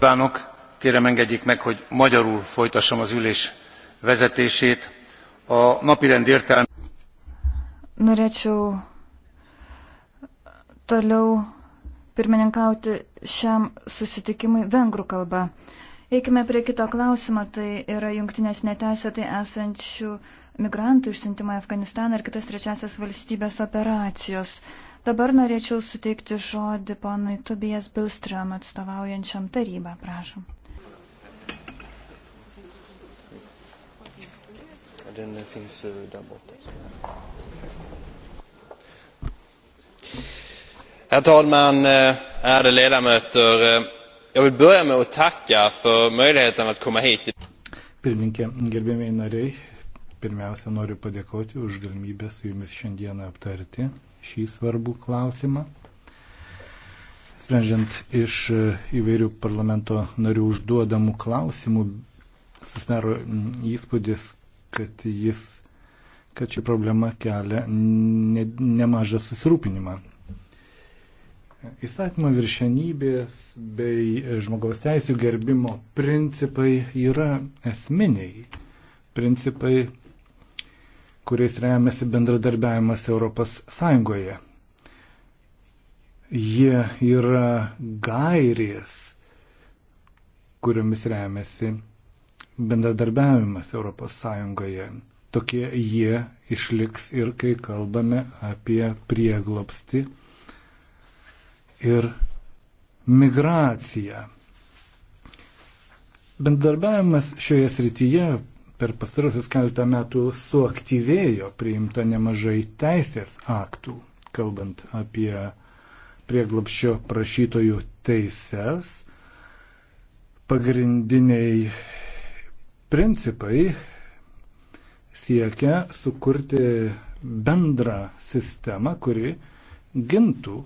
kvánok! kérem engedjék meg hogy magyarul folytassam az ülés vezetését. a napirend értelmében. norėčiau toliau pirmininkauti šiam susitikimui vengrų kalba. Eikime prie kito klausimo, tai yra jungtinės neteisėtai esančių migrantų išsintimo į Afganistaną ir kitas trečiasias valstybės operacijos. Dabar norėčiau suteikti žodį ponui Tobijas Bilstram atstovaujančiam tarybą, prašom. Eh, Herr talman, eh, ärade ledamöter. Eh, jag vill börja med att tacka för möjligheten att komma hit. Pirmininkė, gerbėmiai nariai, pirmiausia noriu padėkoti už galimybę su jumis šiandieną aptarti šį svarbų klausimą. Sprendžiant iš e, įvairių parlamento narių užduodamų klausimų, susidaro įspūdis, kad jis, kad ši problema kelia ne, nemažą susirūpinimą. Įstatymo viršenybės bei žmogaus teisų gerbimo principai yra esminiai principai kuriais remiasi bendradarbiavimas ES. Jie yra gairės, kuriomis remiasi bendradarbiavimas ES. Tokie jie išliks ir kai kalbame apie prieglopsti ir migraciją. Bendarbiavimas šioje srityje per pastarusius keltą metų suaktyvėjo, priimta nemažai teisės aktų, kalbant apie prieglapščio prašytojų teises. Pagrindiniai principai siekia sukurti bendrą sistemą, kuri gintų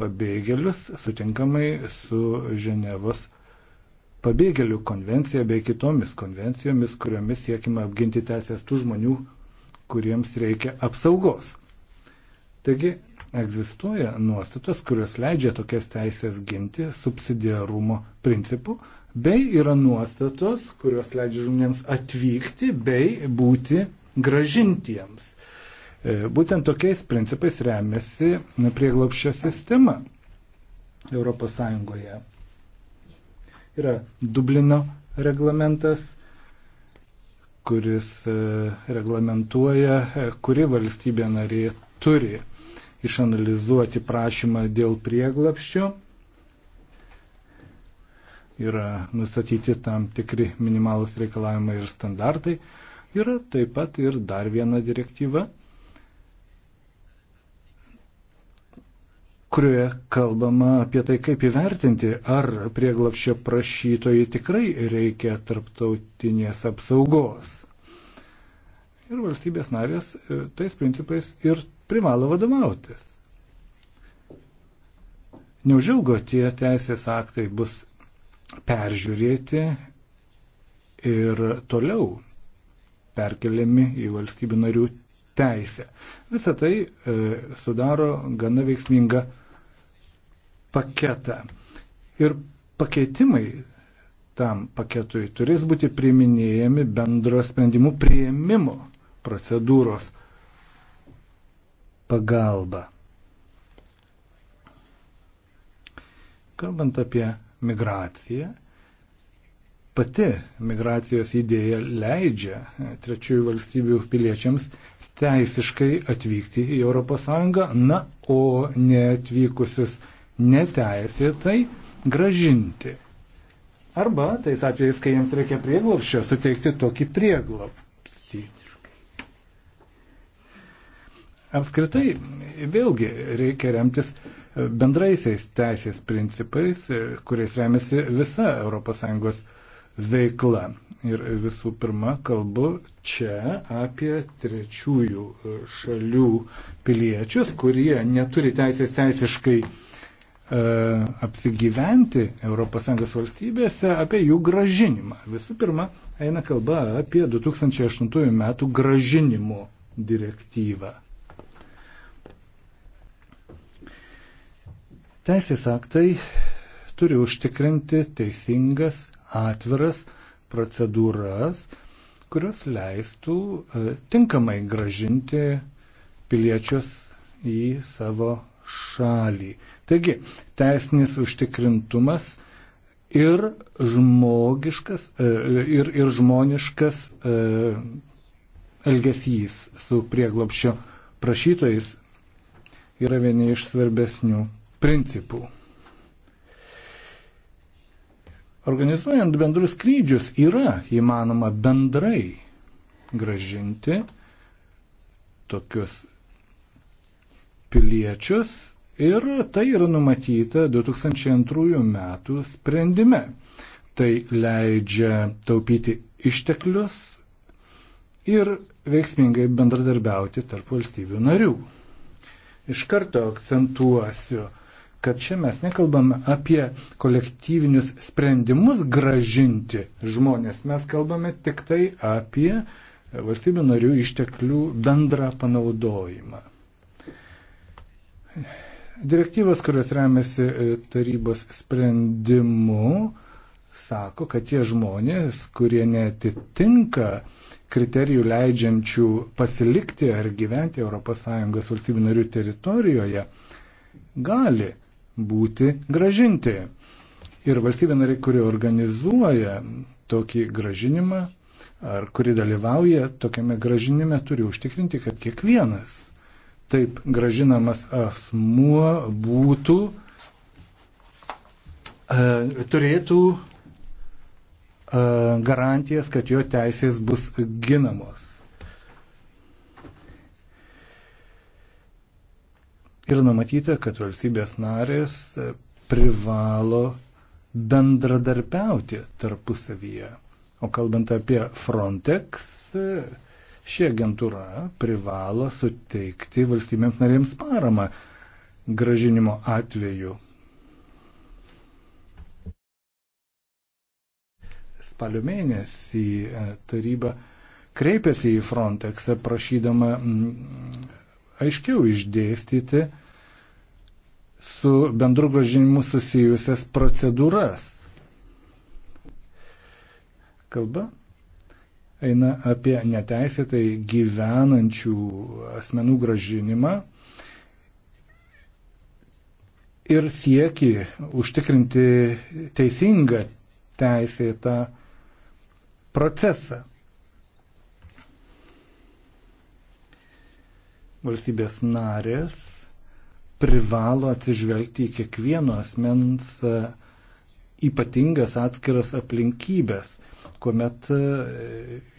pabėgėlius sutinkamai su Ženevos pabėgėlių konvencija bei kitomis konvencijomis, kuriomis siekime apginti teisės tų žmonių, kuriems reikia apsaugos. Taigi egzistuoja nuostatos, kurios leidžia tokias teisės ginti subsidiarumo principu, bei yra nuostatos, kurios leidžia žmonėms atvykti bei būti gražintiems. E, būtent tokiais principais remiasi prieglopščio sistema Europos Sąjungoje. Yra Dublino reglamentas, kuris e, reglamentuoja, e, kuri valstybė narė turi išanalizuoti prašymą dėl prieglapščio. Yra nustatyti tam tikri minimalus reikalavimai ir standartai. Yra taip pat ir dar viena direktyva kurioje kalbama apie tai, kaip įvertinti, ar prieglapščio prašytojai tikrai reikia tarptautinės apsaugos. Ir valstybės narės e, tais principais ir privalo vadovautis. Neužilgo tie teisės aktai bus peržiūrėti ir toliau perkeliami į valstybių narių teisę. Visą tai e, sudaro gana veiksmingą paketą. Ir pakeitimai tam paketui turės būti priiminėjami bendro sprendimų prieimimo procedūros pagalba. Kalbant apie migraciją, pati migracijos idėja leidžia trečiųjų valstybių piliečiams teisiškai atvykti į ES, na, o neatvykusius neteisėtai gražinti. Arba tais atvejais, kai jiems reikia prieglopščio, suteikti tokį prieglopstį. Apskritai, vėlgi reikia remtis bendraisiais teisės principais, kuriais remiasi visa ES veikla. Ir visų pirma, kalbu čia apie trečiųjų šalių piliečius, kurie neturi teisės teisiškai uh, E, apsigyventi ES valstybėse, apie jų gražinimą. Visų pirma, eina kalba apie 2008 metų gražinimo direktyvą. Teisės aktai turi užtikrinti teisingas, atviras procedūras, kurios leistų e, tinkamai gražinti piliečius į savo šalį. Taigi, teisinis užtikrintumas ir žmogiškas e, ir, ir žmoniškas e, elgesys su prieglopščio prašytojais yra vieni iš svarbesnių principų. Organizuojant bendrus skrydžius yra įmanoma bendrai gražinti tokius piliečius Ir tai yra numatyta 2002 metų sprendime. Tai leidžia taupyti išteklius ir veiksmingai bendradarbiauti tarp valstybių narių. Iš karto akcentuosiu, kad čia mes nekalbame apie kolektyvinius sprendimus gražinti žmonės, mes kalbame tik tai apie valstybių narių išteklių bendrą panaudojimą. Direktyvos, kurios remiasi e, tarybos sprendimu, sako, kad tie žmonės, kurie netitinka kriterijų leidžiančių pasilikti ar gyventi ES valstybių narių teritorijoje, gali būti gražinti. Ir valstybė nariai, kuri organizuoja tokį gražinimą ar kuri dalyvauja tokiame gražinime, turi užtikrinti, kad kiekvienas taip gražinamas asmuo būtų, e, turėtų e, garantijas, kad jo teisės bus ginamos. Ir numatyta, kad valstybės narės privalo bendradarbiauti tarpusavyje. O kalbant apie Frontex, e, Ši agentūra privalo suteikti valstybėms narėms paramą gražinimo atveju. Spalio mėnesį e, taryba kreipėsi į Frontexą prašydama mm, aiškiau išdėstyti su bendru gražinimu susijusias procedūras. Kalba eina apie neteisėtai gyvenančių asmenų gražinimą ir sieki užtikrinti teisingą teisėtą procesą. Valstybės narės privalo atsižvelgti į kiekvieno asmens ypatingas atskiras aplinkybės kuomet e,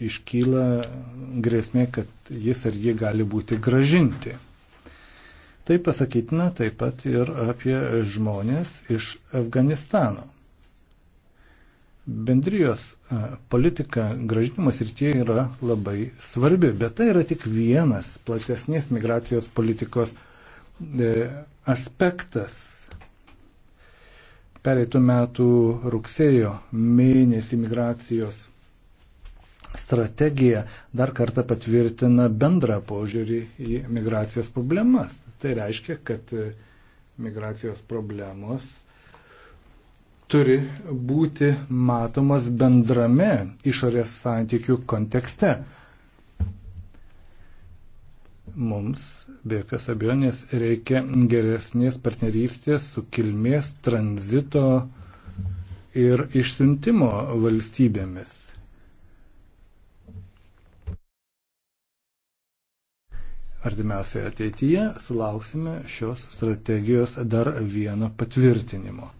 iškyla grėsmė, kad jis ar ji gali būti gražinti. Tai pasakytina taip pat ir apie žmonės iš Afganistano. Bendrijos e, politika gražinimas ir tie yra labai svarbi, bet tai yra tik vienas platesnės migracijos politikos e, aspektas pereitų metų rugsėjo mėnesį migracijos strategija dar kartą patvirtina bendrą požiūrį į migracijos problemas. Tai reiškia, kad migracijos problemos turi būti matomas bendrame išorės santykių kontekste. Mums be jokios abejonės reikia geresnės partnerystės su kilmės, tranzito ir išsiuntimo valstybėmis. Artimiausioje ateityje sulauksime šios strategijos dar vieno patvirtinimo.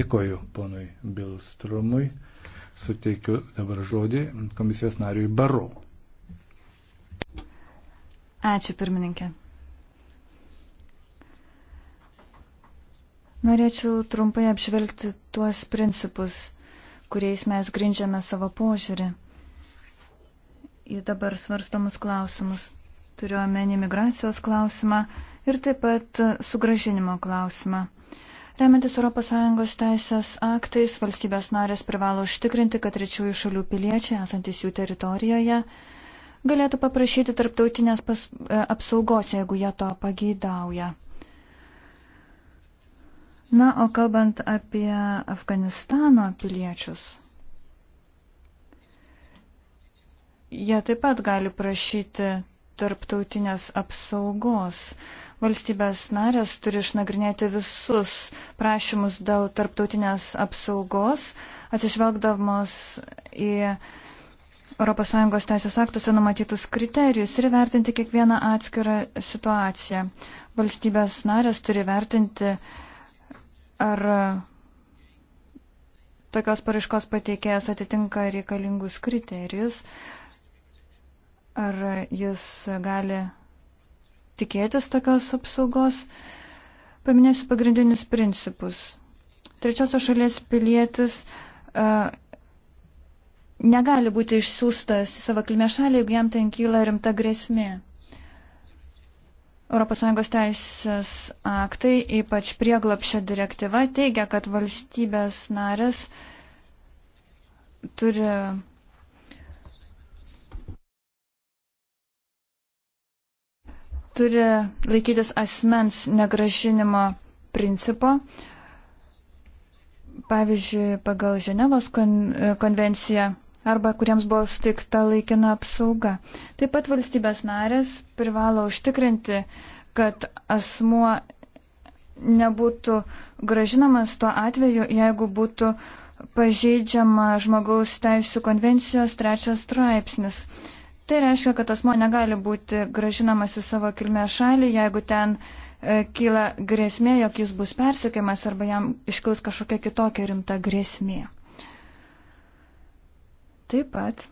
Dėkoju ponui Bilstromui. Suteikiu dabar žodį komisijos nariui Baru. Ačiū, pirmininkė. Norėčiau trumpai apžvelgti tuos principus, kuriais mes grindžiame savo požiūrį į dabar svarstamus klausimus. Turiu omeny migracijos klausimą ir taip pat sugražinimo klausimą. Remiantis ES teisės aktais, valstybės narės privalo užtikrinti, kad trečiųjų šalių piliečiai, esantis jų teritorijoje, galėtų paprašyti tarptautinės pas, e, apsaugos, jeigu jie to pageidauja. Na, o kalbant apie Afganistano piliečius, jie taip pat gali prašyti tarptautinės apsaugos valstybės narės turi išnagrinėti visus prašymus dėl tarptautinės apsaugos, atsižvelgdamos į ES teisės aktuose numatytus kriterijus ir vertinti kiekvieną atskirą situaciją. Valstybės narės turi vertinti, ar tokios paraiškos pateikėjas atitinka reikalingus kriterijus, ar jis gali tikėtis tokios apsaugos. Paminėsiu pagrindinius principus. Trečiosios šalies pilietis uh, negali būti išsiųstas į savo kilmės šalį, jeigu jam ten kyla rimta grėsmė. ES teisės aktai, ypač prieglapšio direktyva, teigia, kad valstybės narės turi turi laikytis asmens negražinimo principo. Pavyzdžiui, pagal Ženevos kon, konvenciją arba kuriems buvo suteikta laikina apsauga. Taip pat valstybės narės privalo užtikrinti, kad asmuo nebūtų gražinamas tuo atveju, jeigu būtų pažeidžiama žmogaus teisų konvencijos trečias straipsnis. Tai reiškia, kad asmo negali būti gražinamas į savo kilmės šalį, jeigu ten e, kyla grėsmė, jog jis bus persikiamas arba jam iškils kažkokia kitokia rimta grėsmė. Taip pat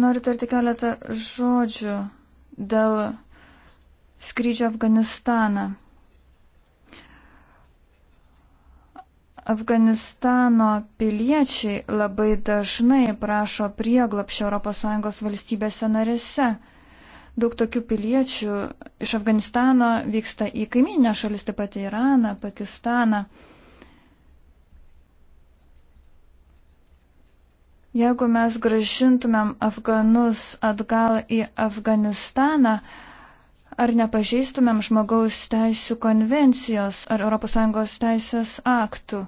noriu tarti keletą žodžių dėl skrydžio Afganistaną. Afganistano piliečiai labai dažnai prašo prieglapšio ES valstybėse narėse. Daug tokių piliečių iš Afganistano vyksta į kaiminę šalis, taip pat į Iraną, Pakistaną. Jeigu mes gražintumėm Afganus atgal į Afganistaną, ar nepažeistumėm žmogaus teisų konvencijos ar ES teisės aktų?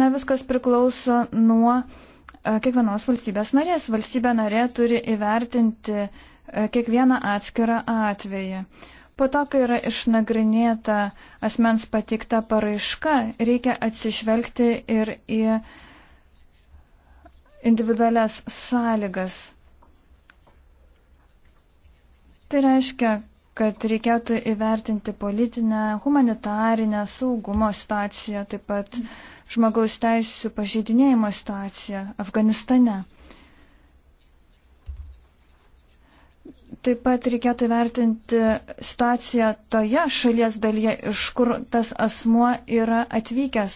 Na, viskas priklauso nuo e, kiekvienos valstybės narės. Valstybė narė turi įvertinti E, kiekvieną atskirą atvejį. Po to, kai yra išnagrinėta asmens pateikta paraiška, reikia atsižvelgti ir į individualias sąlygas. Tai reiškia, kad reikėtų įvertinti politinę, humanitarinę, saugumo situaciją, taip pat žmogaus teisų pažeidinėjimo situaciją Afganistane. Taip pat reikėtų vertinti situaciją toje šalies dalyje, iš kur tas asmuo yra atvykęs.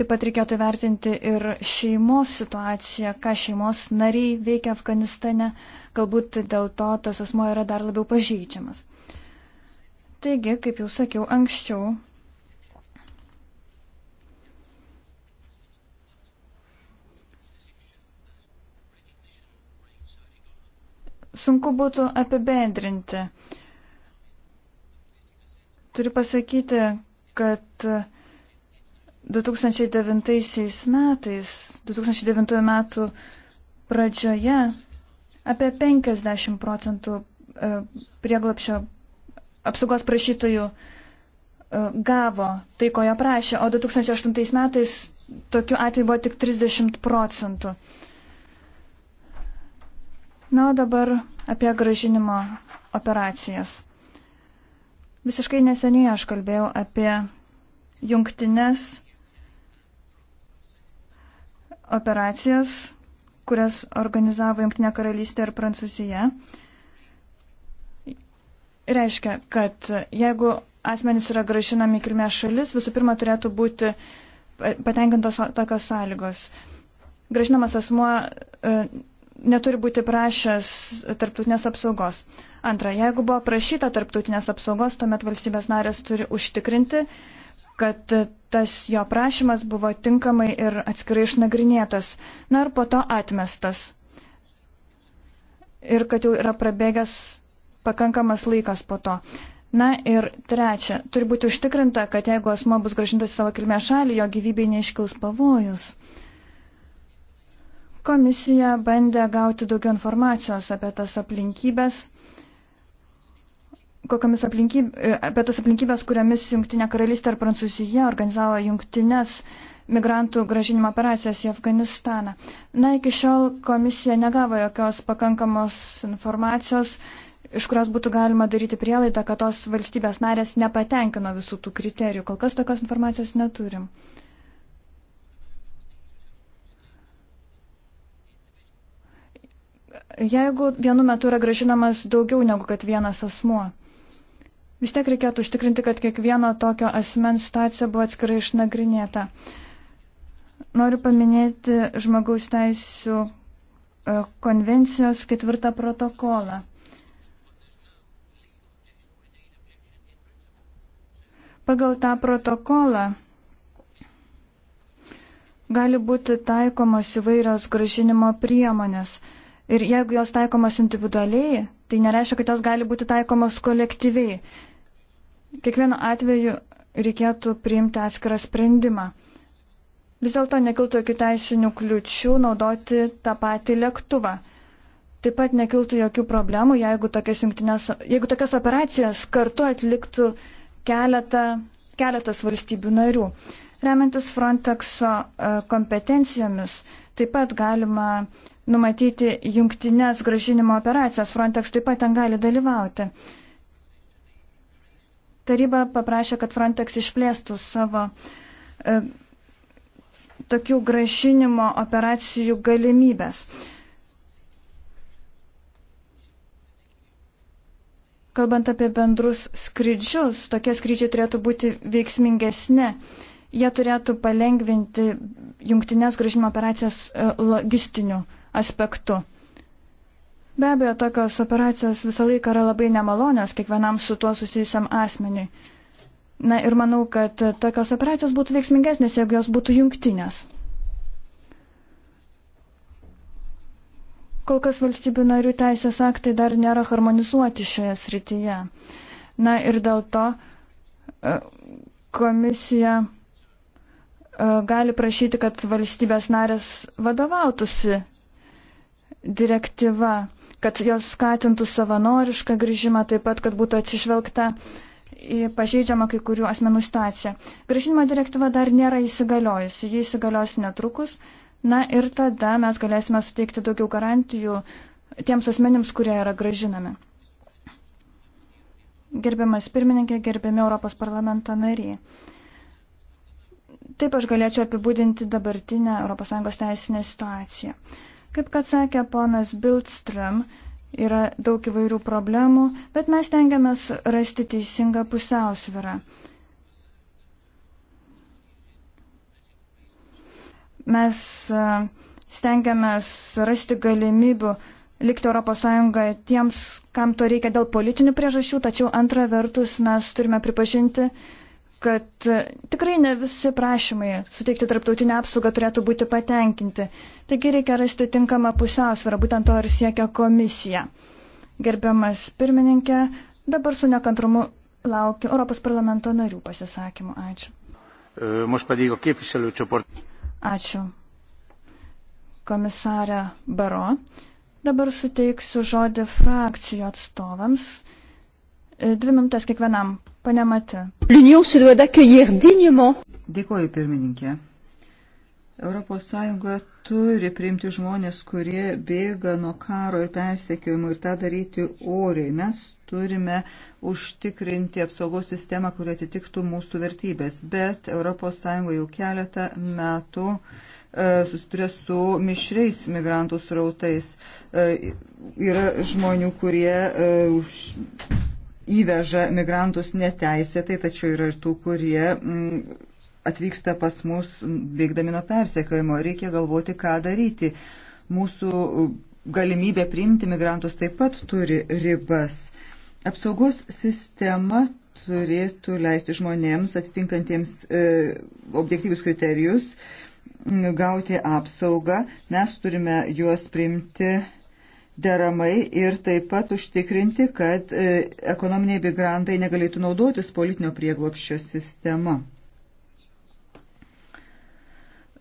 Taip pat reikėtų vertinti ir šeimos situaciją, ką šeimos nariai veikia Afganistane, galbūt dėl to tas asmuo yra dar labiau pažeidžiamas. Taigi, kaip jau sakiau anksčiau, sunku būtų apibendrinti. Turiu pasakyti, kad 2009 metais, 2009 metų pradžioje apie 50 procentų e, prieglapšio apsaugos prašytojų e, gavo tai, ko jie prašė, o 2008 metais tokiu atveju buvo tik 30 procentų. Na, o dabar apie gražinimo operacijas. Visiškai neseniai aš kalbėjau apie jungtines operacijas, kurias organizavo Junktinė karalystė ir Prancūzija. Reiškia, kad jeigu asmenys yra gražinami į kilmės šalis, visų pirma turėtų būti patenkintos tokios sąlygos. Gražinamas asmuo e, neturi būti prašęs tarptautinės apsaugos. Antra, jeigu buvo prašyta tarptautinės apsaugos, tuomet valstybės narės turi užtikrinti, kad tas jo prašymas buvo tinkamai ir atskirai išnagrinėtas, na ir po to atmestas. Ir kad jau yra prabėgęs pakankamas laikas po to. Na ir trečia, turi būti užtikrinta, kad jeigu asmo bus gražintas į savo kilmę šalį, jo gyvybei neiškils pavojus. Komisija bandė gauti daugiau informacijos apie tas aplinkybės, kokiamis aplinkyb, apie tas aplinkybės, kuriamis Junktinė karalystė ar Prancūzija organizavo jungtinės migrantų gražinimo operacijas į Afganistaną. Na, iki šiol komisija negavo jokios pakankamos informacijos, iš kurios būtų galima daryti prielaidą, kad tos valstybės narės nepatenkino visų tų kriterijų. Kol kas tokios informacijos neturim. jeigu vienu metu yra gražinamas daugiau negu kad vienas asmuo, vis tiek reikėtų užtikrinti, kad kiekvieno tokio asmens situacija buvo atskirai išnagrinėta. Noriu paminėti žmogaus teisų e, konvencijos ketvirtą protokolą. Pagal tą protokolą gali būti taikomos įvairios gražinimo priemonės. Ir jeigu jos taikomos individualiai, tai nereiškia, kad jos gali būti taikomos kolektyviai. Kiekvienu atveju reikėtų priimti atskirą sprendimą. Vis dėlto nekiltų jokių teisinių kliučių naudoti tą patį lėktuvą. Taip pat nekiltų jokių problemų, jeigu tokias, jeigu tokias operacijas kartu atliktų keletą, keletas valstybių narių. Remiantis Frontexo e, kompetencijomis, taip pat galima numatyti jungtinės gražinimo operacijas. Frontex taip pat ten gali dalyvauti. Taryba paprašė, kad Frontex išplėstų savo e, tokių gražinimo operacijų galimybės. Kalbant apie bendrus skrydžius, tokie skrydžiai turėtų būti veiksmingesni. Jie turėtų palengvinti jungtinės gražinimo operacijas e, logistiniu aspektu. Be abejo, tokios operacijos visą laiką yra labai nemalonios kiekvienam su tuo susijusiam asmeniui. Na ir manau, kad tokios operacijos būtų veiksmingesnės, jeigu jos būtų jungtinės. Kol kas valstybių narių teisės aktai dar nėra harmonizuoti šioje srityje. Na ir dėl to e, komisija e, gali prašyti, kad valstybės narės vadovautųsi direktyva, kad jos skatintų savanorišką grįžimą, taip pat, kad būtų atsižvelgta į pažeidžiamą kai kurių asmenų situaciją. Grįžimo direktyva dar nėra įsigaliojusi, ji įsigalios netrukus. Na ir tada mes galėsime suteikti daugiau garantijų tiems asmenims, kurie yra gražinami. Gerbiamas pirmininkė, gerbiami Europos parlamento nariai. Taip aš galėčiau apibūdinti dabartinę ES teisinę situaciją. Kaip kad sakė ponas Bildstram, yra daug įvairių problemų, bet mes tengiamės rasti teisingą pusiausvirą. Mes e, stengiamės rasti galimybių likti ES tiems, kam to reikia dėl politinių priežasčių, tačiau antra vertus mes turime pripažinti, kad e, tikrai ne visi prašymai suteikti tarptautinę apsaugą turėtų būti patenkinti. Taigi reikia rasti tinkamą pusiausvyrą, būtent to ir siekia komisija. Gerbiamas pirmininkė, dabar su nekantrumu laukiu Europos parlamento narių pasisakymų. Ačiū. E, Ačiū. Komisarė Baro. Dabar suteiksiu žodį frakcijų atstovams. Dvi minutės kiekvienam. Pane Mati. Dėkoju, pirmininkė. ES turi priimti žmonės, kurie bėga nuo karo ir persekiojimų ir tą daryti oriai. Mes turime užtikrinti apsaugos sistemą, kuri atitiktų mūsų vertybės. Bet ES jau keletą metų e, susiduria su mišreis migrantų srautais. E, yra žmonių, kurie e, už, įveža migrantus neteisėtai, tačiau yra ir tų, kurie mm, atvyksta pas mus veikdami nuo persekiojimo. Reikia galvoti, ką daryti. Mūsų galimybė priimti migrantus taip pat turi ribas. Apsaugos sistema turėtų leisti žmonėms atitinkantiems e, objektyvius kriterijus gauti apsaugą. Mes turime juos priimti deramai ir taip pat užtikrinti, kad e, ekonominiai migrantai negalėtų naudotis politinio prieglopščio sistema.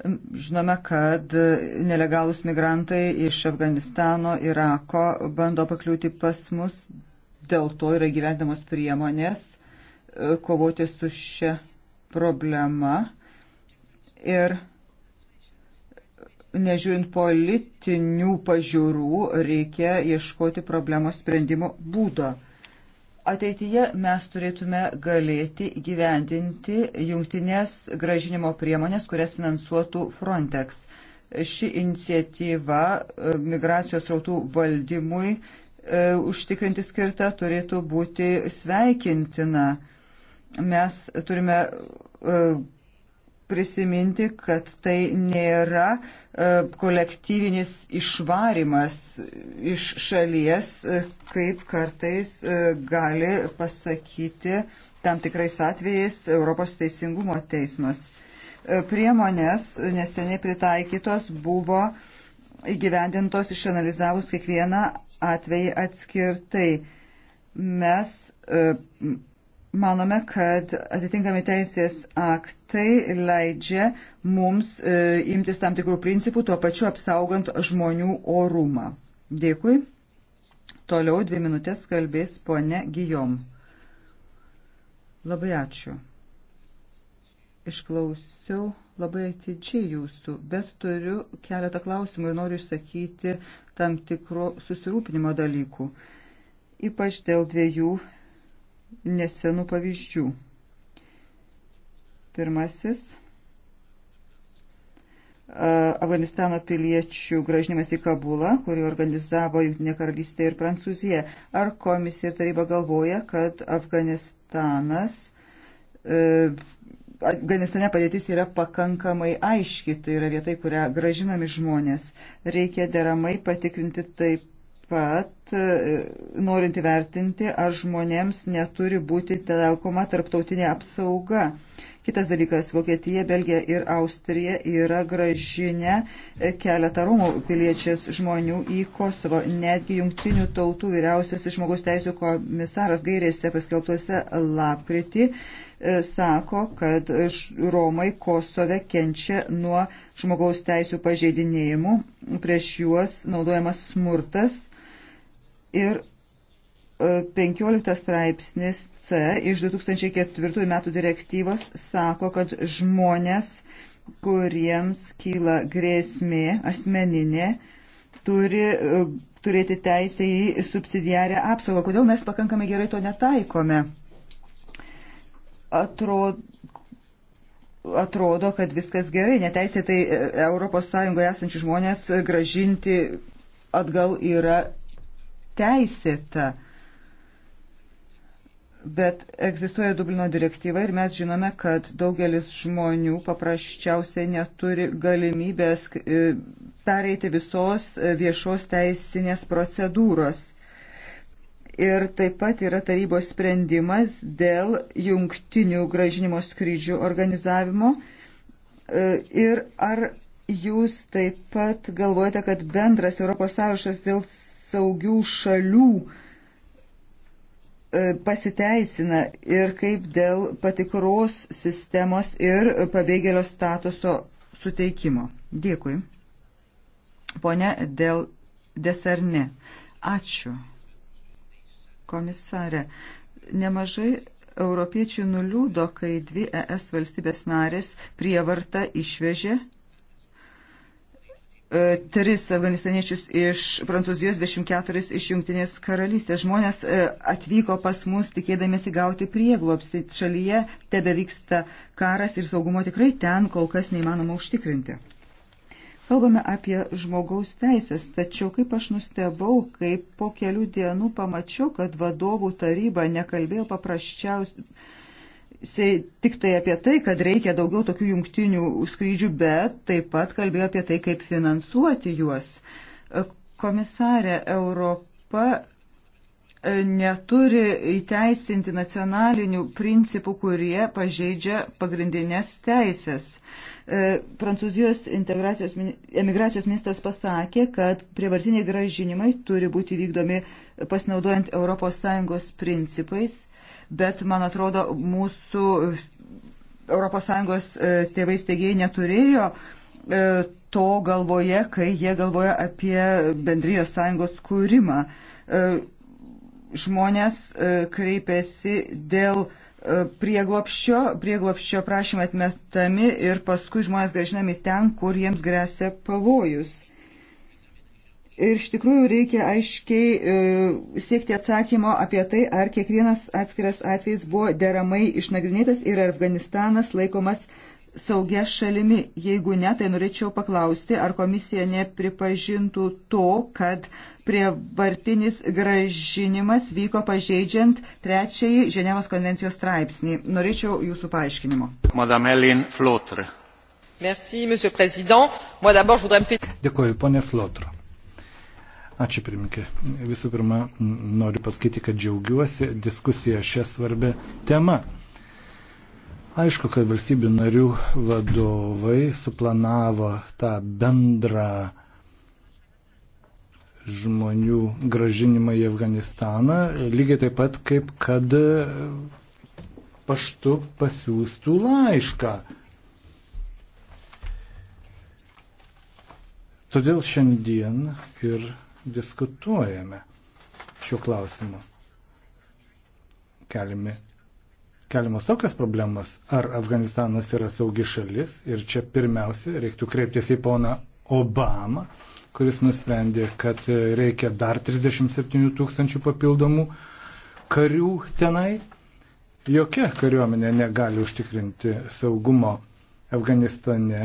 Žinome, kad e, nelegalus migrantai iš Afganistano, Irako bando pakliūti pas mus, dėl to yra gyvendamos priemonės e, kovoti su šia problema. Ir nežiūrint politinių pažiūrų, reikia ieškoti problemos sprendimo būdo. Ateityje mes turėtume galėti gyvendinti jungtinės gražinimo priemonės, kurias finansuotų Frontex. Ši iniciatyva e, migracijos rautų valdymui e, užtikrinti skirta turėtų būti sveikintina. Mes turime e, prisiminti, kad tai nėra e, kolektyvinis išvarimas iš šalies, e, kaip kartais e, gali pasakyti tam tikrais atvejais Europos teisingumo teismas. Priemonės neseniai pritaikytos buvo įgyvendintos išanalizavus kiekvieną atvejį atskirtai. Mes manome, kad atitinkami teisės aktai leidžia mums e, imtis tam tikrų principų, tuo pačiu apsaugant žmonių orumą. Dėkui. Toliau dvi minutės kalbės ponė Gijom. Labai ačiū. Išklausiau labai atidžiai jūsų, bet turiu keletą klausimų ir noriu išsakyti tam tikro susirūpinimo dalykų. Ypač dėl dviejų nesenų pavyzdžių. Pirmasis - Afganistano piliečių gražinimas į Kabulą, kurį organizavo Junktinė karalystė ir Prancūzija. Ar komisija ir taryba galvoja, kad Afganistanas e, Afganistane padėtis yra pakankamai aiški, tai yra vieta, į kurią gražinami žmonės. Reikia deramai patikrinti taip pat e, norint įvertinti, ar žmonėms neturi būti taikoma tarptautinė apsauga. Kitas dalykas, Vokietija, Belgija ir Austrija yra gražinę e, keletą Romų piliečiais žmonių į Kosovo. Netgi jungtinių tautų vyriausiasis žmogus teisų komisaras gairėse paskelbtuose lapkritį e, sako, kad Romai Kosove kenčia nuo žmogaus teisų pažeidinėjimų, prieš juos naudojamas smurtas ir 15 e, straipsnis C iš 2004 metų direktyvos sako, kad žmonės, kuriems kyla grėsmė asmeninė, turi e, turėti teisę į subsidiarę apsaugą. Kodėl mes pakankamai gerai to netaikome? Atrodo, atrodo kad viskas gerai. Neteisėtai ES esančių žmonės e, gražinti atgal yra teisėta. Bet egzistuoja Dublino direktyva ir mes žinome, kad daugelis žmonių paprasčiausiai neturi galimybės e, pereiti visos viešos teisinės procedūros. Ir taip pat yra tarybos sprendimas dėl jungtinių gražinimo skrydžių organizavimo. E, ir ar jūs taip pat galvojate, kad bendras Europos sąrašas dėl saugių šalių e, pasiteisina ir kaip dėl patikros sistemos ir pabėgėlio statuso suteikimo. Dėkui. Pone dėl desarne. Ačiū. Komisarė, nemažai europiečių nuliūdo, kai dvi ES valstybės narės prievarta išvežė E, tris afganistaniečius iš Prancūzijos, 24 iš Junktinės karalystės. Žmonės e, atvyko pas mus tikėdamėsi gauti prieglopstį. Šalyje tebe vyksta karas ir saugumo tikrai ten kol kas neįmanoma užtikrinti. Kalbame apie žmogaus teisės, tačiau kaip aš nustebau, kaip po kelių dienų pamačiau, kad vadovų taryba nekalbėjo paprasčiausiai tik tai apie tai, kad reikia daugiau tokių jungtinių skrydžių, bet taip pat kalbėjo apie tai, kaip finansuoti juos. Komisarė Europa e, neturi įteisinti nacionalinių principų, kurie pažeidžia pagrindinės teisės. E, Prancūzijos emigracijos ministras pasakė, kad prievartiniai gražinimai turi būti vykdomi pasinaudojant ES principais bet man atrodo mūsų ES e, tėvai steigėjai neturėjo e, to galvoje, kai jie galvoja apie bendrijos sąjungos kūrimą. E, žmonės kreipėsi dėl prieglopščio, prieglopščio prašymą atmetami ir paskui žmonės gražinami ten, kur jiems grėsia pavojus. Ir iš tikrųjų reikia aiškiai e, siekti atsakymo apie tai, ar kiekvienas atskiras atvejs buvo deramai išnagrinėtas ir ar Afganistanas laikomas saugia šalimi. Jeigu ne, tai norėčiau paklausti, ar komisija nepripažintų to, kad prievartinis gražinimas vyko pažeidžiant trečiąjį Ženevos konvencijos straipsnį. Norėčiau jūsų paaiškinimo. Madame Elin Flotre. Merci, monsieur le président. Moi d'abord, je voudrais me féliciter. Dėkuoju, ponė Flotre. Ačiū, pirmininkė. Visų pirma, noriu pasakyti, kad džiaugiuosi diskusiją šią svarbę temą. Aišku, kad valstybių narių vadovai suplanavo tą bendrą žmonių gražinimą į Afganistaną, lygiai taip pat kaip kad paštu pasiūstų laišką. Todėl šiandien ir diskutuojame šiuo klausimu. Kelimi, keliamas tokias problemas, ar Afganistanas yra saugi šalis ir čia pirmiausia reiktų kreiptis į poną Obamą, kuris nusprendė, kad reikia dar 37 tūkstančių papildomų karių tenai. Jokia kariuomenė negali užtikrinti saugumo Afganistane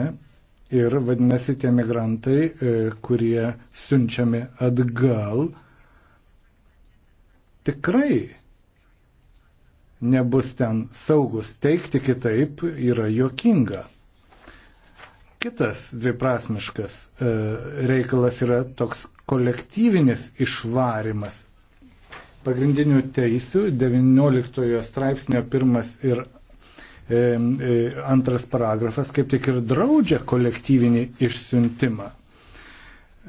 Ir vadinasi, tie migrantai, e, kurie siunčiami atgal, tikrai nebus ten saugus. Teikti kitaip yra jokinga. Kitas dviprasmiškas e, reikalas yra toks kolektyvinis išvarimas. Pagrindinių teisių 19 straipsnio pirmas ir E, e, antras paragrafas kaip tik ir draudžia kolektyvinį išsiuntimą.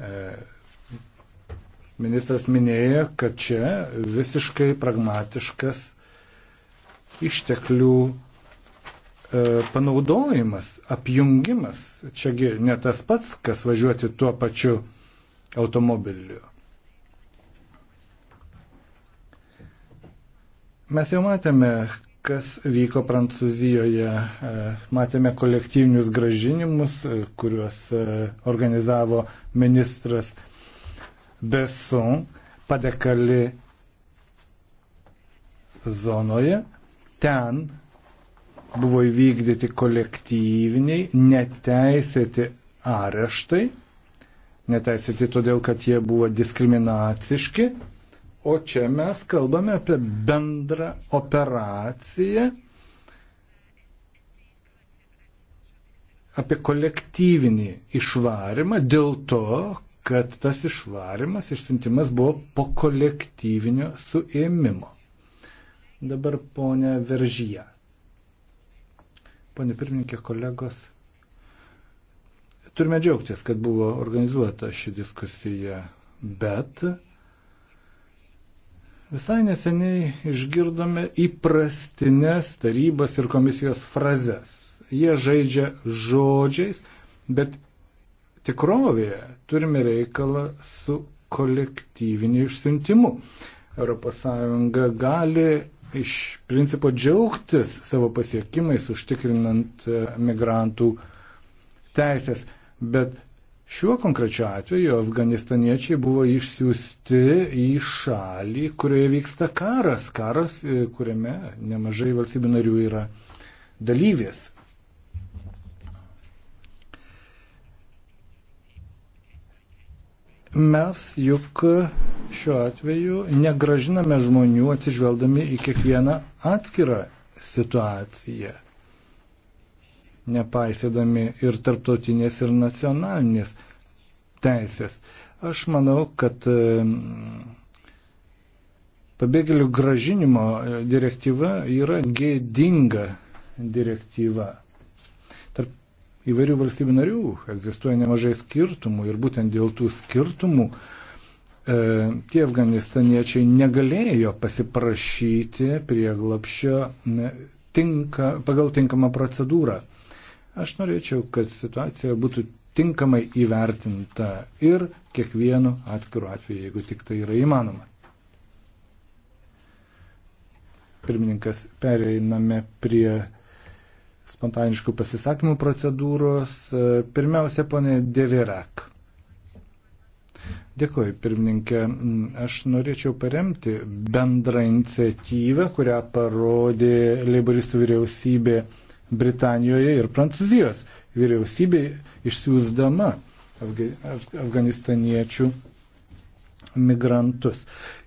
E, ministras minėjo, kad čia visiškai pragmatiškas išteklių panaudojimas, apjungimas. Čiagi ne tas pats, kas važiuoti tuo pačiu automobiliu. Mes jau matėme, kas vyko Prancūzijoje. E, matėme kolektyvinius gražinimus, e, kuriuos e, organizavo ministras Besson padekali zonoje. Ten buvo įvykdyti kolektyviniai neteisėti areštai, neteisėti todėl, kad jie buvo diskriminaciški O čia mes kalbame apie bendrą operaciją, apie kolektyvinį išvarimą dėl to, kad tas išvarimas, išsiuntimas buvo po kolektyvinio suėmimo. Dabar ponia Veržyje. Pone pirmininkė, kolegos, turime džiaugtis, kad buvo organizuota ši diskusija, bet Visai neseniai išgirdome įprastinės tarybos ir komisijos frazes. Jie žaidžia žodžiais, bet tikrovėje turime reikalą su kolektyviniu išsiuntimu. ES gali iš principo džiaugtis savo pasiekimais užtikrinant e, migrantų teisės, bet Šiuo konkrečiu atveju afganistaniečiai buvo išsiųsti į šalį, kurioje vyksta karas, karas, e, kuriame nemažai valstybių narių yra dalyvės. Mes juk šiuo atveju negražiname žmonių atsižvelgdami į kiekvieną atskirą situaciją nepaisėdami ir tarptautinės, ir nacionalinės teisės. Aš manau, kad pabėgėlių gražinimo direktyva yra gėdinga direktyva. Tarp įvairių valstybių narių egzistuoja nemažai skirtumų ir būtent dėl tų skirtumų e, tie afganistaniečiai negalėjo pasiprašyti prieglapščio tinka, pagal tinkamą procedūrą. Aš norėčiau, kad situacija būtų tinkamai įvertinta ir kiekvienu atskiru atveju, jeigu tik tai yra įmanoma. Pirmininkas, pereiname prie spontaniškų pasisakymų procedūros. Pirmiausia, ponė Devirak. Dėkuoju, pirmininkė. Aš norėčiau paremti bendrą iniciatyvą, kurią parodė leiboristų vyriausybė Britanijoje ir Prancūzijos vyriausybė išsiųsdama afganistaniečių migrantus.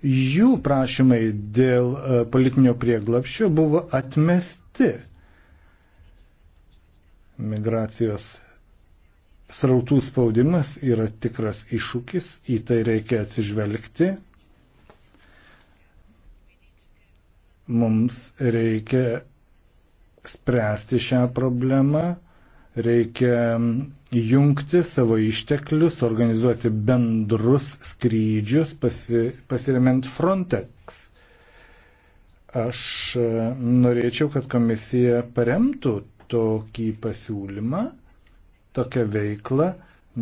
Jų prašymai dėl e, politinio prieglapščio buvo atmesti migracijos srautų spaudimas yra tikras iššūkis, į tai reikia atsižvelgti. Mums reikia spręsti šią problemą, reikia jungti savo išteklius, organizuoti bendrus skrydžius pasi, pasiremiant Frontex. Aš e, norėčiau, kad komisija paremtų tokį pasiūlymą, tokią veiklą,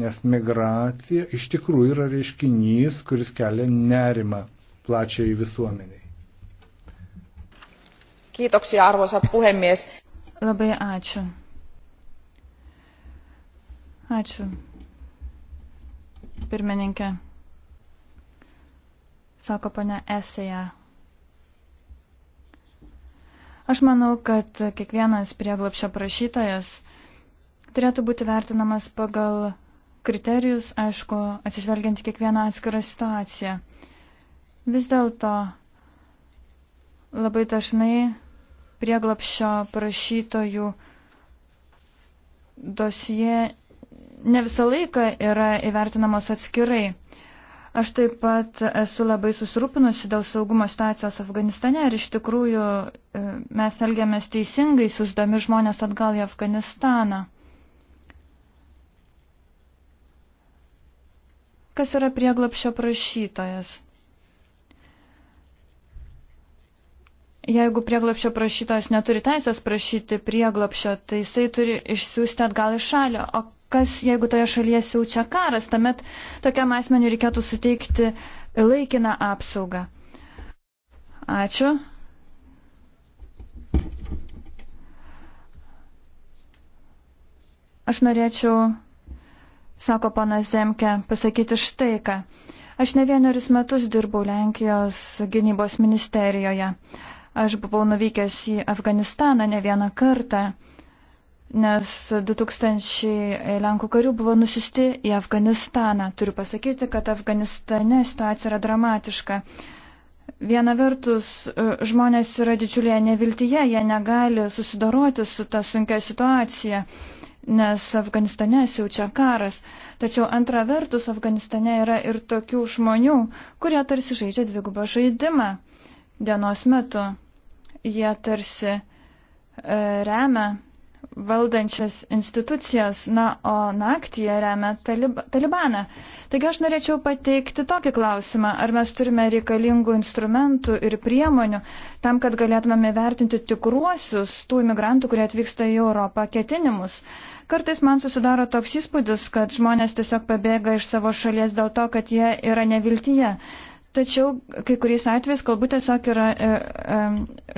nes migracija iš tikrųjų yra reiškinys, kuris kelia nerimą plačiai visuomeniai. Kiitoksia, arvoisa puhemies. Labai ačiū. Ačiū. Pirmininkė. Sako pane Esėja. Aš manau, kad kiekvienas prieglapšio prašytojas turėtų būti vertinamas pagal kriterijus, aišku, atsižvelgiant į kiekvieną atskirą situaciją. Vis dėlto labai dažnai prieglapšio prašytojų dosie ne visą laiką yra įvertinamos atskirai. Aš taip pat esu labai susirūpinusi dėl saugumo situacijos Afganistane ir iš tikrųjų e, mes elgiamės teisingai, susdami žmonės atgal į Afganistaną. Kas yra prieglapšio prašytojas? Jeigu prieglapšio prašytojas neturi teisės prašyti prieglapšio, tai jisai turi išsiųsti atgal į šalį. O kas, jeigu toje šalyje siaučia karas, tuomet tokiam asmeniu reikėtų suteikti laikiną apsaugą. Ačiū. Aš norėčiau, sako panas Zemke, pasakyti štai ką. Aš ne vienerius metus dirbau Lenkijos gynybos ministerijoje. Aš buvau nuvykęs į Afganistaną ne vieną kartą, nes 2000 Lenkų karių buvo nusisti į Afganistaną. Turiu pasakyti, kad Afganistane situacija yra dramatiška. Viena vertus, e, žmonės yra didžiulėje neviltyje, jie negali susidoroti su ta sunkia situacija nes Afganistane siaučia karas. Tačiau antra vertus, Afganistane yra ir tokių žmonių, kurie tarsi žaidžia dvigubą žaidimą dienos metu jie tarsi e, remia valdančias institucijas, na, o naktį jie remia talib Talibaną. Taigi aš norėčiau pateikti tokį klausimą, ar mes turime reikalingų instrumentų ir priemonių tam, kad galėtumėme vertinti tikruosius tų imigrantų, kurie atvyksta į Europą, ketinimus. Kartais man susidaro toks įspūdis, kad žmonės tiesiog pabėga iš savo šalies dėl to, kad jie yra neviltyje. Tačiau kai kuriais atvejais kalbu tiesiog yra e, e,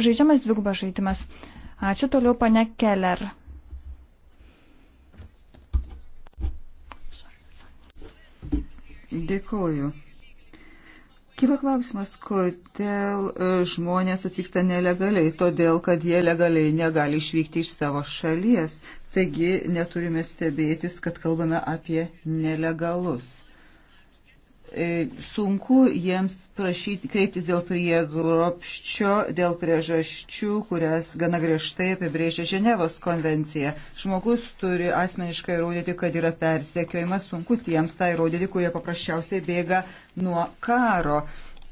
žaidžiamas dvigubas žaidimas. Ačiū toliau, pane Keller. Dėkoju. Kyla klausimas, kodėl e, žmonės atvyksta nelegaliai, todėl kad jie legaliai negali išvykti iš savo šalies. Taigi neturime stebėtis, kad kalbame apie nelegalus. E, sunku jiems prašyti, kreiptis dėl priegropščio, dėl priežasčių, kurias gana griežtai apibrėžia Ženevos konvencija. Žmogus turi asmeniškai įrodyti, kad yra persekiojimas, sunku tiems tą tai įrodyti, kurie paprasčiausiai bėga nuo karo.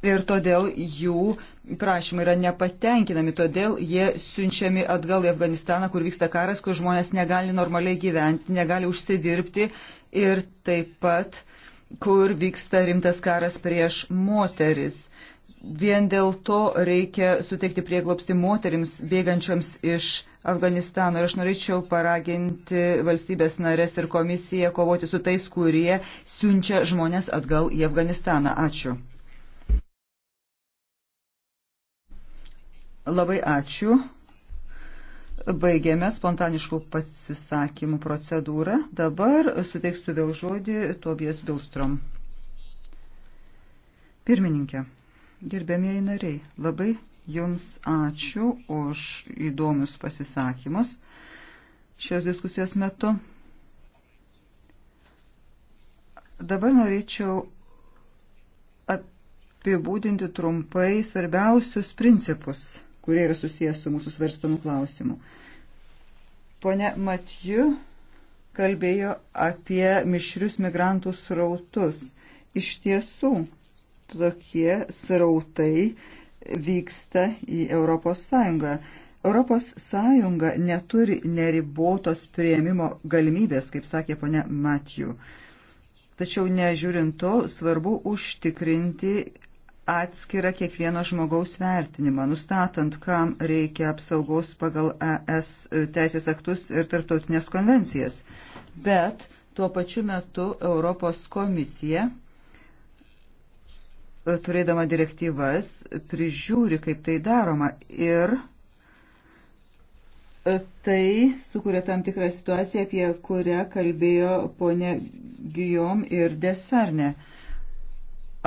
Ir todėl jų prašymai yra nepatenkinami, todėl jie siunčiami atgal į Afganistaną, kur vyksta karas, kur žmonės negali normaliai gyventi, negali užsidirbti ir taip pat kur vyksta rimtas karas prieš moteris. Vien dėl to reikia suteikti prieglopsti moterims bėgančioms iš Afganistano. Ir aš norėčiau paraginti valstybės narės ir komisiją kovoti su tais, kurie siunčia žmonės atgal į Afganistaną. Ačiū. Labai ačiū. Baigėme spontaniškų pasisakymų procedūrą. Dabar suteiksiu vėl žodį Tobijas Bilstrom. Pirmininkė, gerbėmieji nariai, labai Jums ačiū už įdomius pasisakymus šios diskusijos metu. Dabar norėčiau apibūdinti trumpai svarbiausius principus kurie yra susijęs su mūsų svarstamų klausimų. Pone Matiju kalbėjo apie mišrius migrantų srautus. Iš tiesų, tokie srautai vyksta į Europos Sąjungą. Europos Sąjunga neturi neribotos prieimimo galimybės, kaip sakė ponia Matijų. Tačiau nežiūrint to, svarbu užtikrinti atskirą kiekvieno žmogaus vertinimą, nustatant, kam reikia apsaugos pagal ES teisės aktus ir tarptautinės konvencijas. Bet tuo pačiu metu Europos komisija, e, turėdama direktyvas, prižiūri, kaip tai daroma ir e, tai sukuria tam tikrą situaciją, apie kurią kalbėjo ponė Gijom ir Desarne.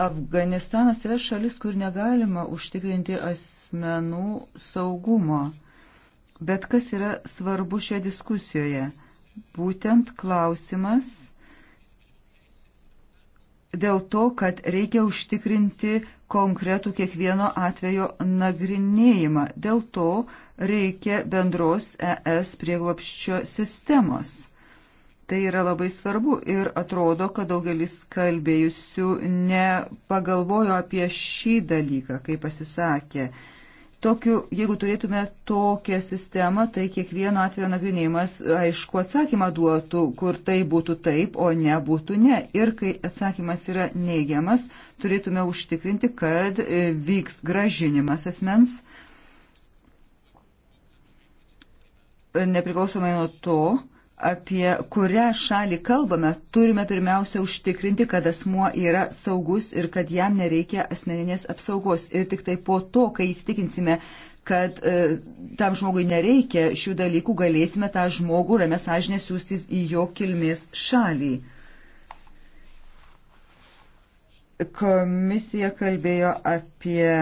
Afganistanas yra šalis, kur negalima užtikrinti asmenų saugumo. Bet kas yra svarbu šioje diskusijoje? Būtent klausimas dėl to, kad reikia užtikrinti konkretų kiekvieno atvejo nagrinėjimą. Dėl to reikia bendros ES prieglopščio sistemos. Tai yra labai svarbu ir atrodo, kad daugelis kalbėjusių nepagalvojo apie šį dalyką, kai pasisakė. Tokiu, jeigu turėtume tokią sistemą, tai kiekvieno atveju nagrinėjimas aišku atsakymą duotų, kur tai būtų taip, o ne būtų ne. Ir kai atsakymas yra neigiamas, turėtume užtikrinti, kad vyks gražinimas asmens. Nepriklausomai nuo to, apie kurią šalį kalbame, turime pirmiausia užtikrinti, kad asmuo yra saugus ir kad jam nereikia asmeninės apsaugos. Ir tik tai po to, kai įsitikinsime, kad e, tam žmogui nereikia šių dalykų, galėsime tą žmogų ramę sąžinę siūstis į jo kilmės šalį. Komisija kalbėjo apie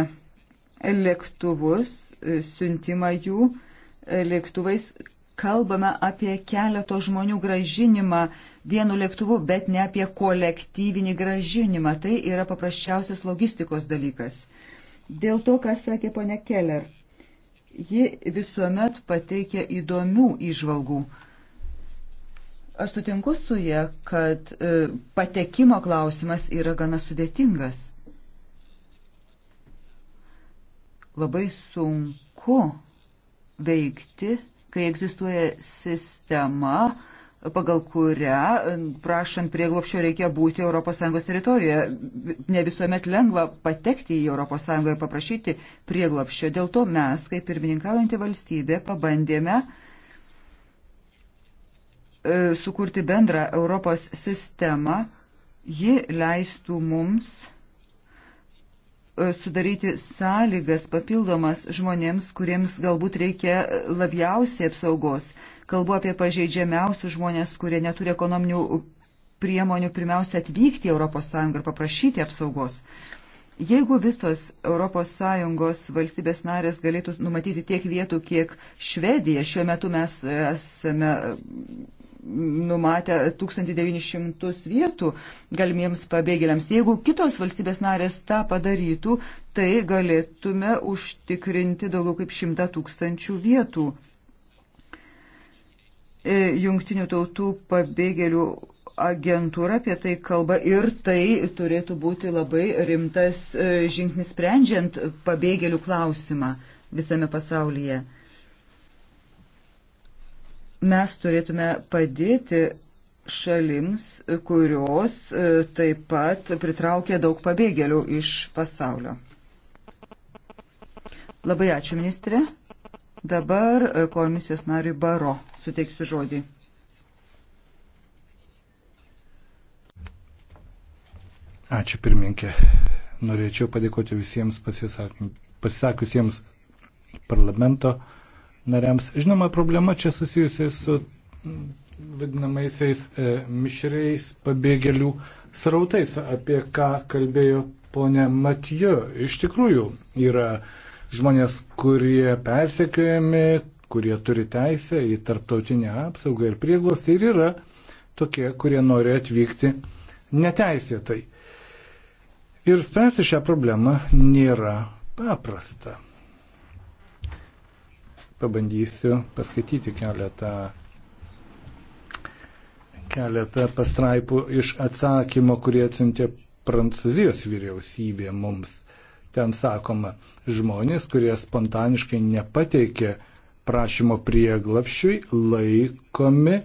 lėktuvus, e, siuntimą jų lėktuvais kalbame apie keleto žmonių gražinimą vienu lėktuvu, bet ne apie kolektyvinį gražinimą. Tai yra paprasčiausias logistikos dalykas. Dėl to, ką sakė ponia Keller, ji visuomet pateikia įdomių įžvalgų. Aš sutinku su jie, kad e, patekimo klausimas yra gana sudėtingas. Labai sunku veikti kai egzistuoja sistema, pagal kurią, prašant prieglopščio, reikia būti ES teritorijoje. Ne visuomet lengva patekti į ES ir paprašyti prieglopščio. Dėl to mes, kaip pirmininkaujanti valstybė, pabandėme e, sukurti bendrą Europos sistemą. Ji leistų mums E, sudaryti sąlygas papildomas žmonėms, kuriems galbūt reikia labiausiai apsaugos. Kalbu apie pažeidžiamiausius žmonės, kurie neturi ekonominių priemonių pirmiausia atvykti į ES ir paprašyti apsaugos. Jeigu visos ES valstybės narės galėtų numatyti tiek vietų, kiek Švedija, šiuo metu mes esame numatę 1900 vietų galimiems pabėgėliams. Jeigu kitos valstybės narės tą padarytų, tai galėtume užtikrinti daugiau kaip 100 tūkstančių vietų. E, Jungtinių tautų pabėgėlių agentūra apie tai kalba ir tai turėtų būti labai rimtas e, žingsnis sprendžiant pabėgėlių klausimą visame pasaulyje mes turėtume padėti šalims, kurios e, taip pat pritraukė daug pabėgėlių iš pasaulio. Labai ačiū, ministrė. Dabar e, komisijos nariui Baro suteiksiu žodį. Ačiū pirmininkė. Norėčiau padėkoti visiems pasisakusiems parlamento nariams. Žinoma, problema čia susijusi su vadinamaisiais e, mišriais pabėgėlių srautais, apie ką kalbėjo ponė Matijo. Iš tikrųjų, yra žmonės, kurie persekiojami, kurie turi teisę į tarptautinę apsaugą ir prieglostį ir yra tokie, kurie nori atvykti neteisėtai. Ir spręsti šią problemą nėra paprasta pabandysiu paskaityti keletą, keletą pastraipų iš atsakymo, kurie atsintė Prancūzijos vyriausybė mums. Ten sakoma, žmonės, kurie spontaniškai nepateikė prašymo prieglapšiui, laikomi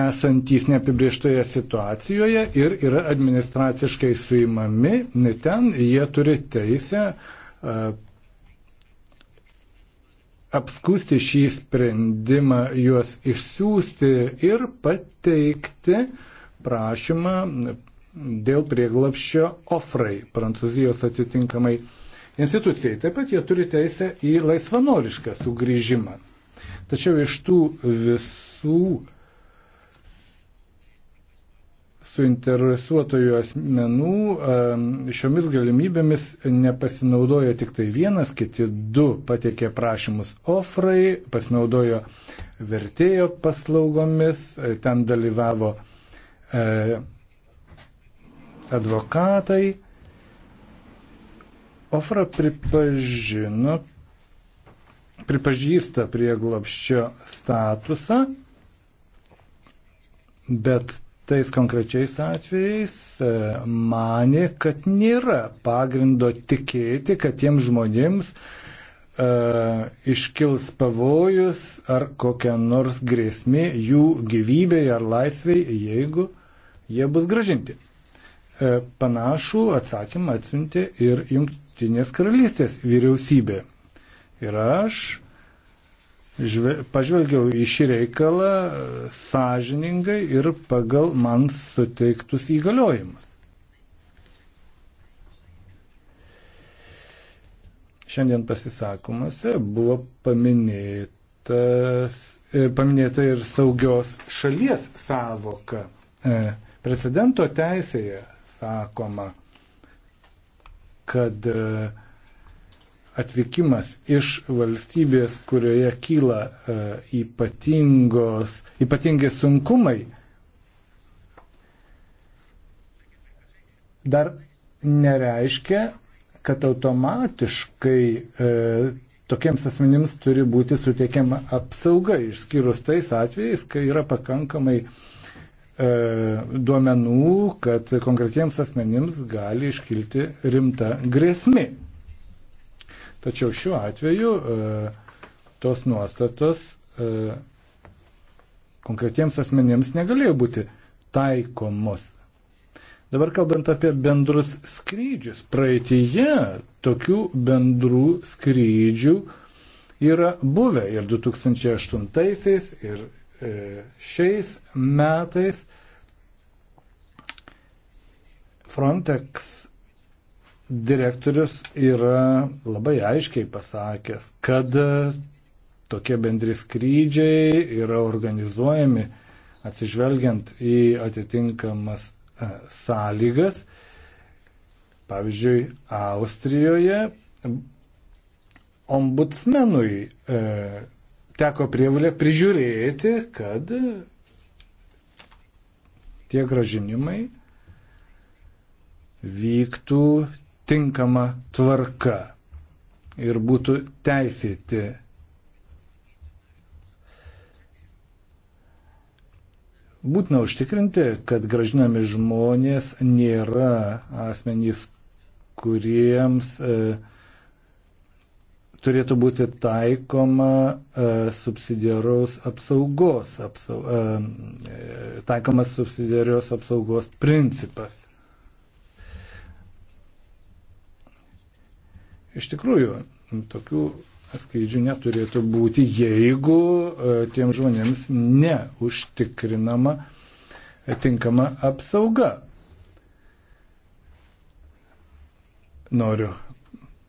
esantys neapibrieštoje situacijoje ir yra administraciškai suimami, ten jie turi teisę apskusti šį sprendimą, juos išsiųsti ir pateikti prašymą dėl prieglapščio ofrai Prancūzijos atitinkamai institucijai. Taip pat jie turi teisę į laisvanorišką sugrįžimą. Tačiau iš tų visų suinteresuotojų asmenų šiomis galimybėmis nepasinaudojo tik tai vienas, kiti du pateikė prašymus ofrai, pasinaudojo vertėjo paslaugomis, e, ten dalyvavo e, advokatai. Ofra pripažino, pripažįsta prieglopščio statusą, bet tais konkrečiais atvejais e, manė, kad nėra pagrindo tikėti, kad tiem žmonėms e, iškils pavojus ar kokia nors grėsmė jų gyvybei ar laisvei, jeigu jie bus gražinti. E, panašų atsakymą atsiuntė ir Junktinės karalystės vyriausybė. Ir aš žve, pažvelgiau į šį reikalą sąžiningai ir pagal man suteiktus įgaliojimus. Šiandien pasisakomuose buvo paminėtas, e, paminėta ir saugios šalies savoka. E, precedento teisėje sakoma, kad e, atvykimas iš valstybės, kurioje kyla e, ypatingos, ypatingi sunkumai, dar nereiškia, kad automatiškai e, tokiems asmenims turi būti suteikiama apsauga, išskyrus tais atvejais, kai yra pakankamai e, duomenų, kad konkretiems asmenims gali iškilti rimta grėsmi. Tačiau šiuo atveju e, tos nuostatos e, konkretiems asmenėms negalėjo būti taikomos. Dabar kalbant apie bendrus skrydžius, praeitįje tokių bendrų skrydžių yra buvę ir 2008 ir e, šiais metais Frontex direktorius yra labai aiškiai pasakęs, kad e, tokie bendri skrydžiai yra organizuojami atsižvelgiant į atitinkamas e, sąlygas. Pavyzdžiui, Austrijoje ombudsmenui e, teko prievalė prižiūrėti, kad e, tie gražinimai vyktų tinkama tvarka ir būtų teisėti. Būtina užtikrinti, kad gražinami žmonės nėra asmenys, kuriems e, turėtų būti taikoma e, subsidiaraus apsaugos, apsau, e, e, taikomas subsidiarios apsaugos principas. Iš tikrųjų, tokių skrydžių neturėtų būti, jeigu e, tiem žmonėms neužtikrinama tinkama apsauga. Noriu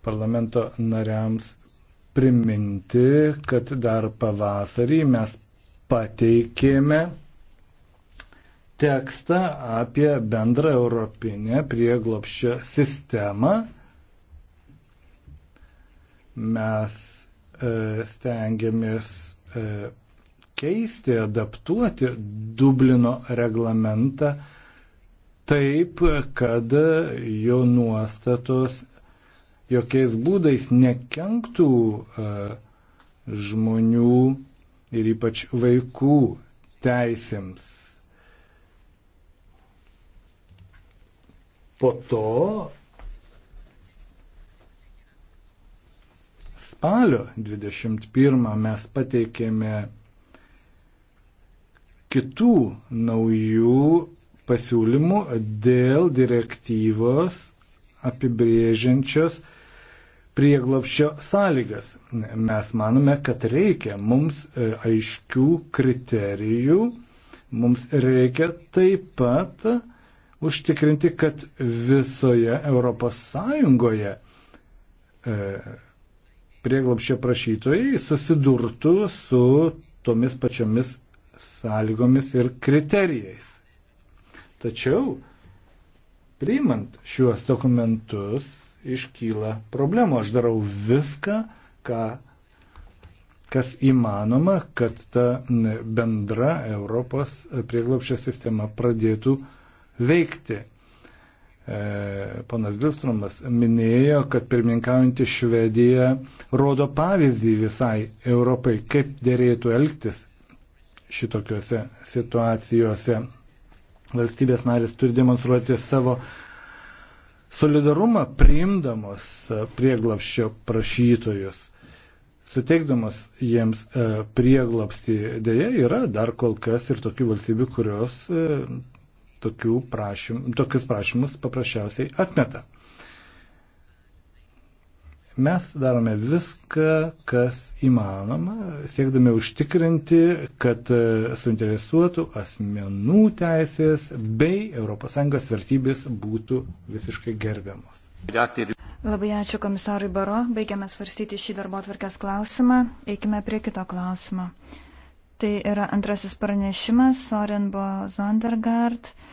parlamento nariams priminti, kad dar pavasarį mes pateikėme tekstą apie bendrą europinę prieglopščio sistemą mes e, stengiamės e, keisti, adaptuoti Dublino reglamentą taip, kad jo nuostatos jokiais būdais nekenktų e, žmonių ir ypač vaikų teisėms. Po to spalio 21 mes pateikėme kitų naujų pasiūlymų dėl direktyvos apibrėžiančios prieglopščio sąlygas. Mes manome, kad reikia mums e, aiškių kriterijų, mums reikia taip pat užtikrinti, kad visoje Europos Sąjungoje e, prieglopščio prašytojai susidurtų su tomis pačiomis sąlygomis ir kriterijais. Tačiau, priimant šiuos dokumentus, iškyla problemų. Aš darau viską, ką, kas įmanoma, kad ta bendra Europos prieglopščio sistema pradėtų veikti. E, ponas Vilstromas minėjo, kad pirmininkaujantį Švediją rodo pavyzdį visai Europai, kaip dėrėtų elgtis šitokiuose situacijose. Valstybės narės turi demonstruoti savo solidarumą priimdamos prieglapščio prašytojus, suteikdamas jiems e, prieglapsti. Deja, yra dar kol kas ir tokių valstybių, kurios e, prašym, tokius prašymus paprasčiausiai atmeta. Mes darome viską, kas įmanoma, siekdami užtikrinti, kad e, suinteresuotų asmenų teisės bei ES vertybės būtų visiškai gerbiamos. Labai ačiū komisarui Baro. Baigiame svarstyti šį darbo atvarkės klausimą. Eikime prie kito klausimo. Tai yra antrasis pranešimas Sorenbo Zondergaard.